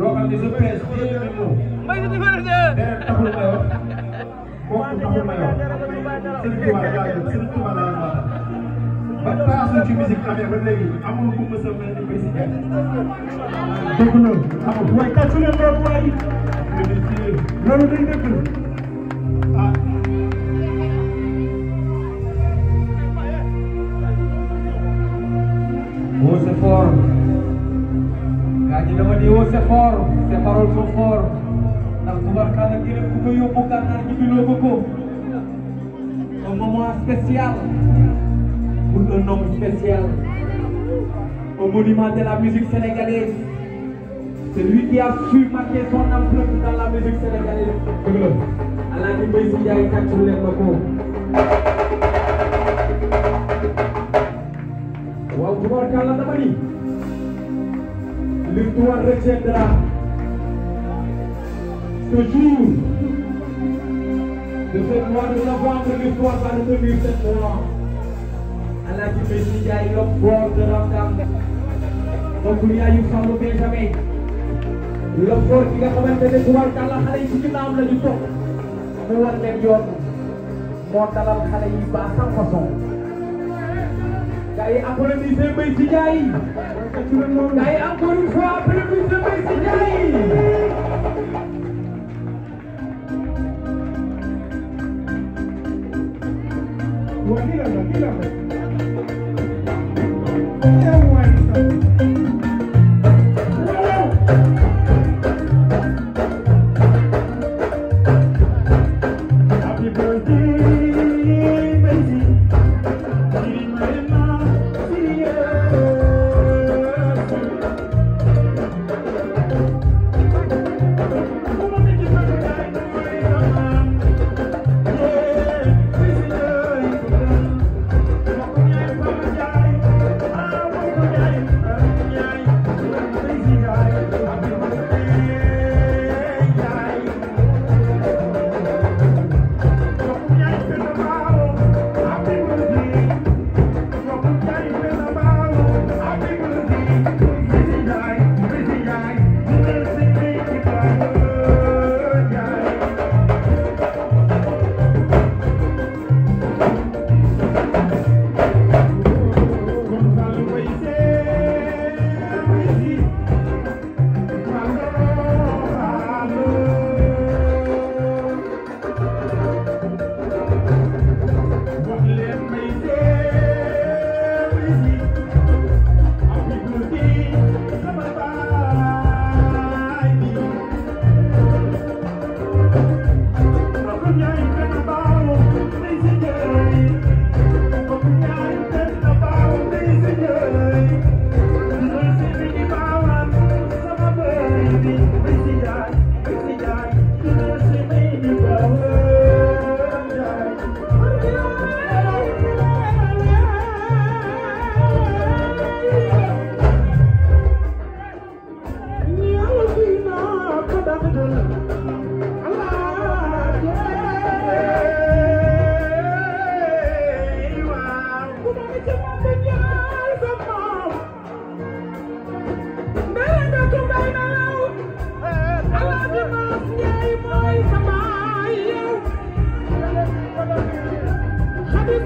loo xam ne sa presse téye na ko. may dina ko def de. taxul ma yor kooku taxul ma yor Serigne Touba laa yor Serigne Touba laa yor ba taasu ci musique amee ba léegi amul ku mës a mel ni bési kenn. dëgg loolu amul waaye tàccu leen loolu waaye. loolu day dëgg ah. woo sa fort. waa ji dama ne yow c'est fort c'est parole sont fort ndax tubarkalla gërëm ku ko yóbbu gànnaar ji biloo ko ko un moment spécial pour un homme spécial au monument de la musique sénégalaise celui qui a su marquer son empreinte dans la musique sénégalaise dëgg la Alaaji Mbaye Sy Ndiaye tàccul leen ma ko waaw tubarkalla dama ni L'histoire retiendra ce jour de ce mois de novembre, l'histoire va retenir cette loi. Alaaji Mbési Ndiaye l'homme fort de Rangam mbokk yi Ayou Samb Benjamin l'homme fort ki nga xamante ne bu war kàlla xale yi ci ginnaawam la ñu toog mu war leen yoon moo dalal xale yi ba sans façon. gars yi applaudissez Mbaye Sy Ndiaye gars yi encore une fois applaudissez Mbaye Sy Ndiaye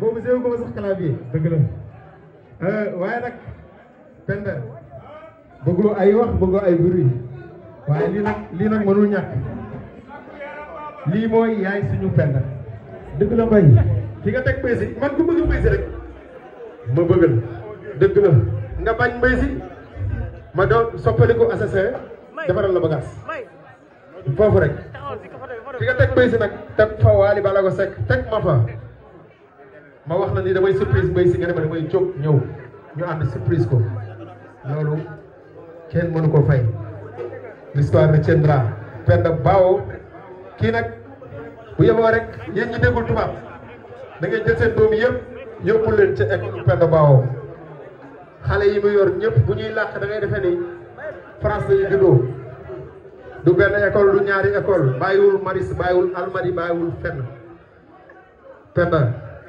boobu séewu ko sax clavier dëgg la waaye nag penda bëggoo ay wax bëggoo ay bruit waaye lii nag lii nag mënul ñàkk lii mooy yaay suñu penda dëgg la mbay ki nga teg mbay si man ku bëgg mbay si rek ma bëggal dëgg la nga bañ mbay ma doon soppaliku assassin defaral la bagage foofu rek ki nga teg mbay si nag fa waali bala ko sekk ma fa ma wax la ni damay surprise mbay si nga ne ma damay jóg ñëw ñu ànd surprise ko loolu kenn mënu ko fay l'histoire retiendra penda baawo kii nag bu yeboo rek yéen ñi déggul tubaab da ngay jël seen doom yëpp yóbbu leen ca école penda baawo xale yi mu yor ñëpp bu ñuy làq da ngay defee ni France lañu juddoo du benn école du ñaari école bàyyiwul maris bàyyiwul almari bàyyiwul fenn penda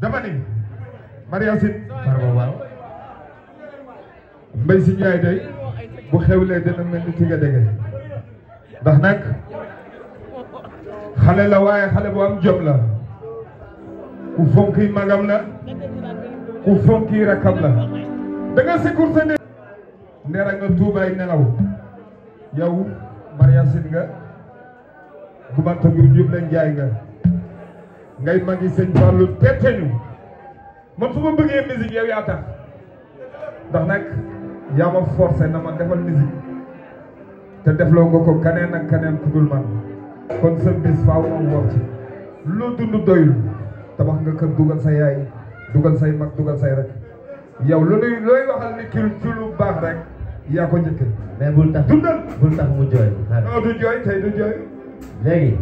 dama ni Maria Sine Farba waaw Mbaye si Ndiaye day bu xewlee dana mel ni ci nga dégg ndax xale la waaye xale bu am jom la ku fonki magam la ku fonki rakam la da nga secour sa ne nga tuubaay nelaw yow Maria Sine nga gumantagur jub leen jaay nga ngay magi sëñ Fallou tette ñu man su ma bëggee musique yow yaa tax ndax nag yaa ma forcé na ma defal musique te defloo nga ko kaneen ak kaneen ku dul man kon sa bis faaw ma ci loo dund doyul tabax nga kër dugal sa yaay dugal say mag dugal say rek yow lu nuy looy waxal ni kii ci baax rek yaa ko njëkk mais bul tax dundal bul tax mu jooy non du jooy tey du jooy léegi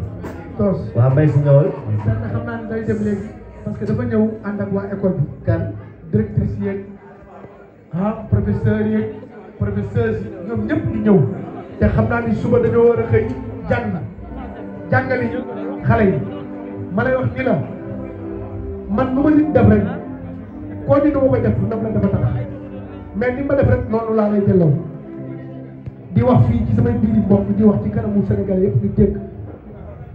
tos waaw mbay si ñëwal xam naa day dem léegi parce que dafa ñëw ànd ak waa école bi kan directrice yeeg professeur di ñëw te xam naa ni suba dañoo war a xëy jàng jàngali xale yi ma wax ni la man lu nit def rek koo ni dama koy def ndam la dafa tax mais ni ma def rek lay di wax ci di wax ci kanamu di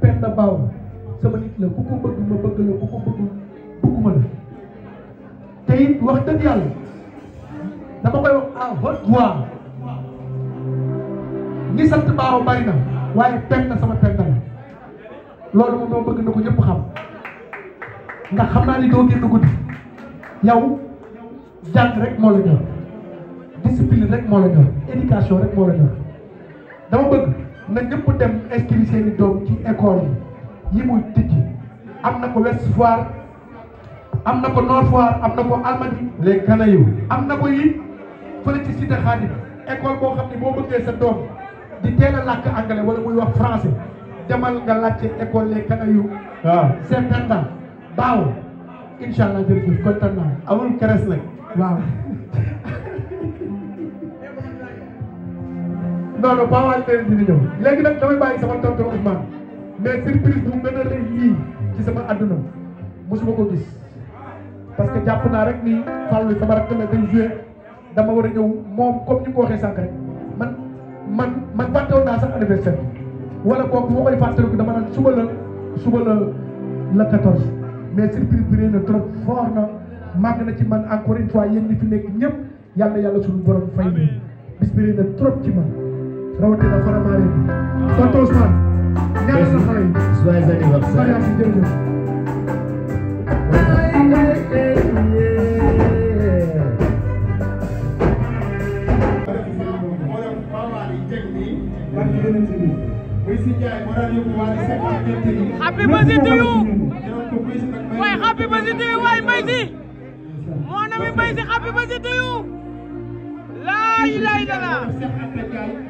Penda Mbaw sama nit la ku ko bëgg la ku ko te it wax dëgg yàlla dama koy wax à haute voix ñi sant Mbaaw bari na waaye Penda sama Penda la loolu moom moo bëgg na ko ñëpp xam ndax xam naa ni doo génn guddi yow jàng rek moo discipline rek moo éducation rek moo dama bëgg. na ñëpp dem inscrire seen doom ci école yi yi muy tijji am na ko Ouest Foire am na ko Nord Foire am na ko Almadies les yu am na ko yi fële ci cité Khadim école boo xam ne boo bëggee sa doom di teel a làkk anglais wala muy wax français demal nga laajte école les Canayoux waaw ah. cinquante ans baaw incha allah jërëjëf kontaan naa amul keres nag waaw non non pas waa Léegi dina ñëw léegi nag damay bàyyi sama tonton Ousmane mais surprise bu mu gën a ci sama àdduna mosuma ko gis. parce que jàpp naa rek ni Fallou sama rakk la day joué dama war a ñëw moom comme ñu ko waxee sànq rek man man man fàttewoon naa sax anniversaire wala kooku bu ma koy fàttaliku dama naan suba la suba la la 14 mais surprise bi na trop fort na màgg na ci man encore une fois yéen ñi fi nekk ñëpp yàlla yàlla suñu borom fay bis bi rëy rawatina faramaare yi tonton Sarr ñaanal sa xale yi. joyeux anniversaire mariage yi jërëjëf. happy birthday to you waaye happy birthday to you waaye Mbaye Sy moo na mi Mbaye Sy happy birthday to you laa ilaaha illallaah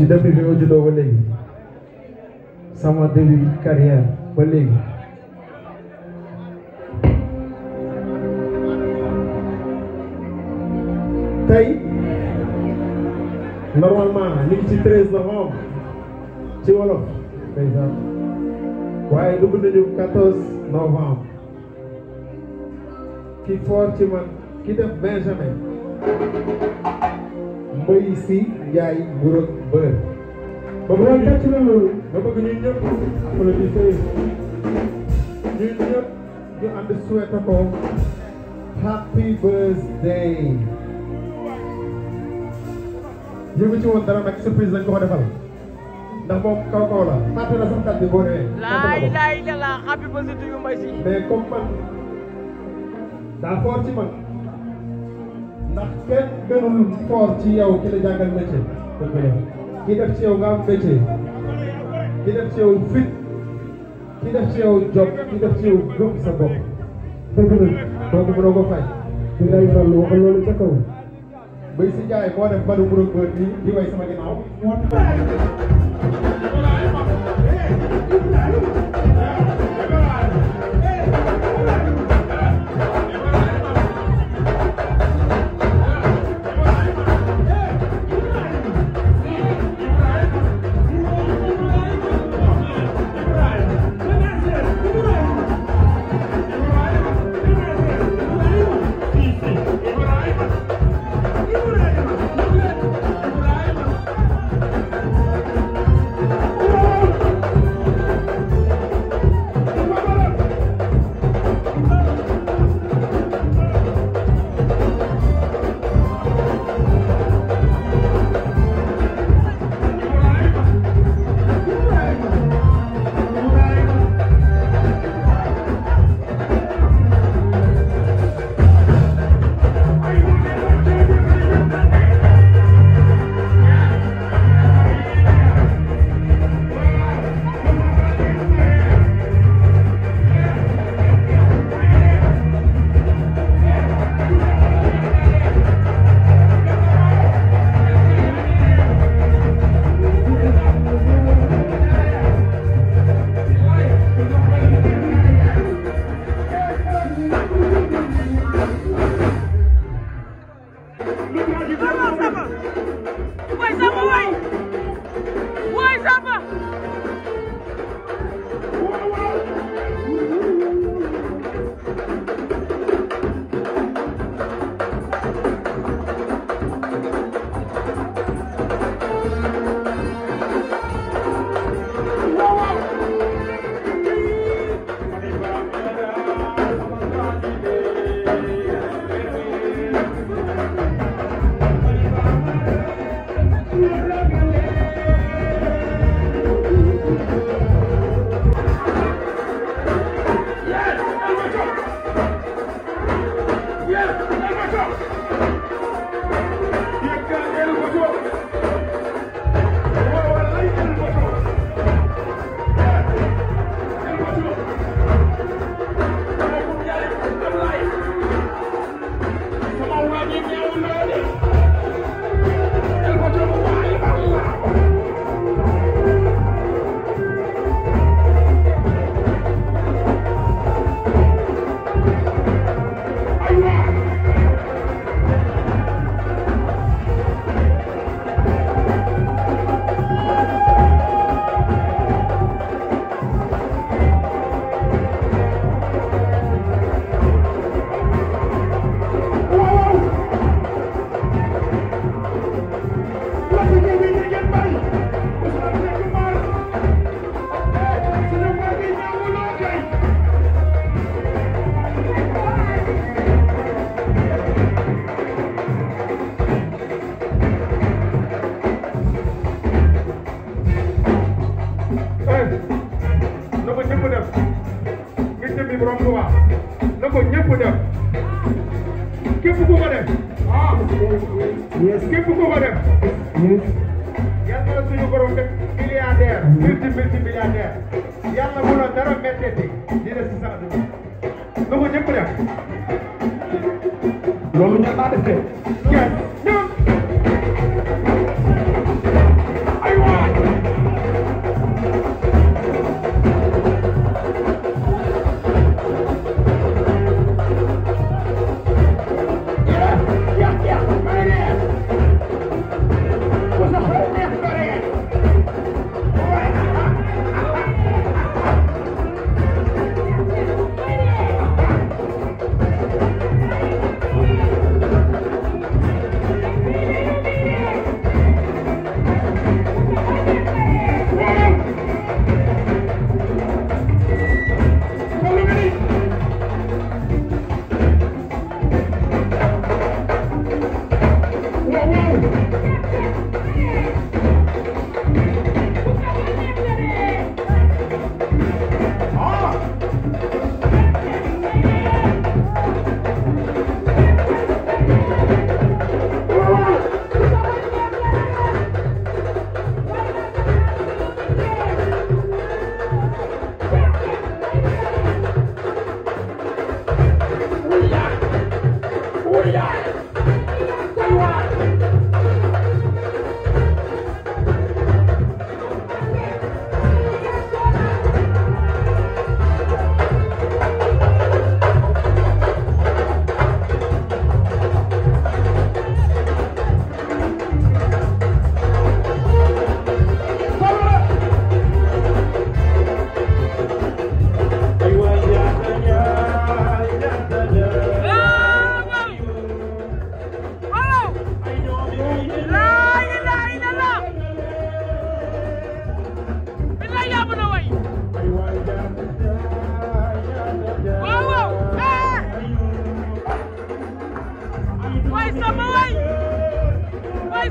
ci depuis fi ma juddoo ba léegi sama début carrière ba léegi tey normalement ñu ngi ci treize novembre ci wolof paysan waaye dugg nañu quatorze novembre ki foor man ki def benjamin mbay Njaay Mourad Mbër. boobu nag tàcc na loolu ma bëgg ñun ñëpp applaudissez ñun ñëpp ñu ànd souhaité ko happy birthday. yëngu ci woon dara nag surprise lañ ko ko defal. ndax moom kaw kaw la fàtte la sax kàddu boo nee. laay laay la happy birthday yu may si. mais man daa fort ci man. ndax kenn gënul fort ci yow ki la jàngal métier. dëgg la ki def ci yow nga am métier ki def ci yow fit ki def ci yow jom ki def ci yow gëm sa bopp. dëgg la kooku mënoo ko fay. di lay fal waxal loolu ca kaw. bay si jaay moo def mbalu mbuur ak bët yi di way sama ginnaaw.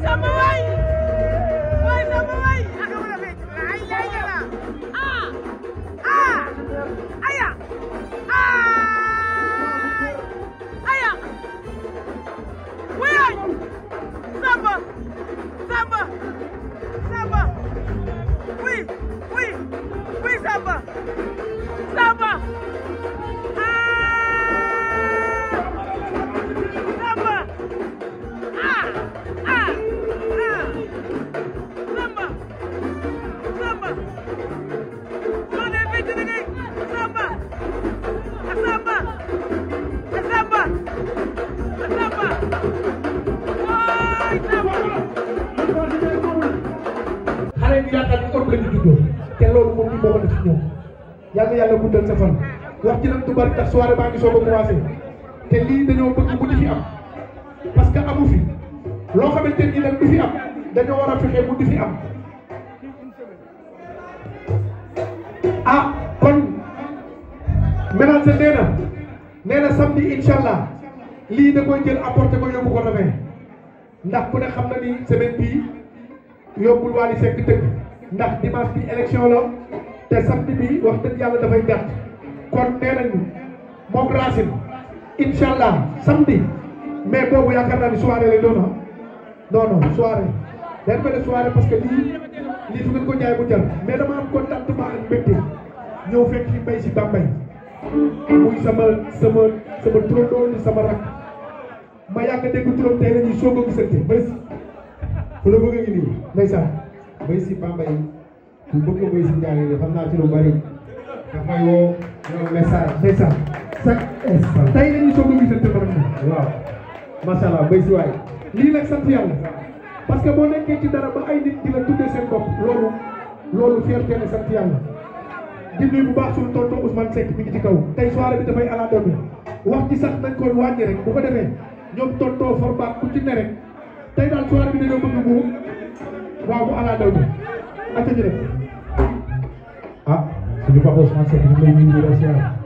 Come Somebody. ñëw yàlla yàlla guddal sa fan wax ci nag du soirée baa ngi soog a commencé te lii dañoo bëgg bu fi am parce que amu fi loo xamante ni nag du fi am dañoo war a fexe bu fi am ah kon ménage sa nee na nee na lii da koy jël apporté ko yóbbu ko rafet ndax ku ne xam na ni semaine bii yóbbul Wally Seck dëkk ndax dimanche bi élection la te samedi bi wax dëgg yàlla dafay gàtt kon nee nañu moom Racine incha allah samedi mais boobu yaakaar naa ni soirée lay doon ah. non non soirée dañ ko parce que lii lii fi ngeen ko jaay bu jar mais dama am contentement ak mbégte ñëw fekk li mbay si Bambey muy sama sama sama turandoo sama rakk ma yàgg dégg turam tey la ñuy soog a gisante mbay si ku la bëgg a ngi nii ndeysaan mbay si Bambey ku bëgg muy si jaay xam naa ci lu bari daf may woo yow message message chaque instant tey la ñuy soog a gisante ba waaw macha allah béy si waay lii nag sant yàlla parce que boo nekkee ci dara ba ay nit di la tuddee seen bopp loolu loolu fierté la sant yàlla. di nuyu bu baax suñu tonton Ousmane Seck mi ngi ci kaw tey soirée bi dafay ala doon wax ci sax dañ koy wàññi rek bu ko defee ñoom tonton Forba ku ci ne rek tey daal soirée bi dañoo bëgg mu waaw a Ah, sejuk pak bos, masih di beli minggu dah siap.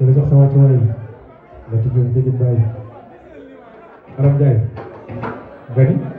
Besok sama cuai. Dah tujuh dikit baik. Arab day Gani?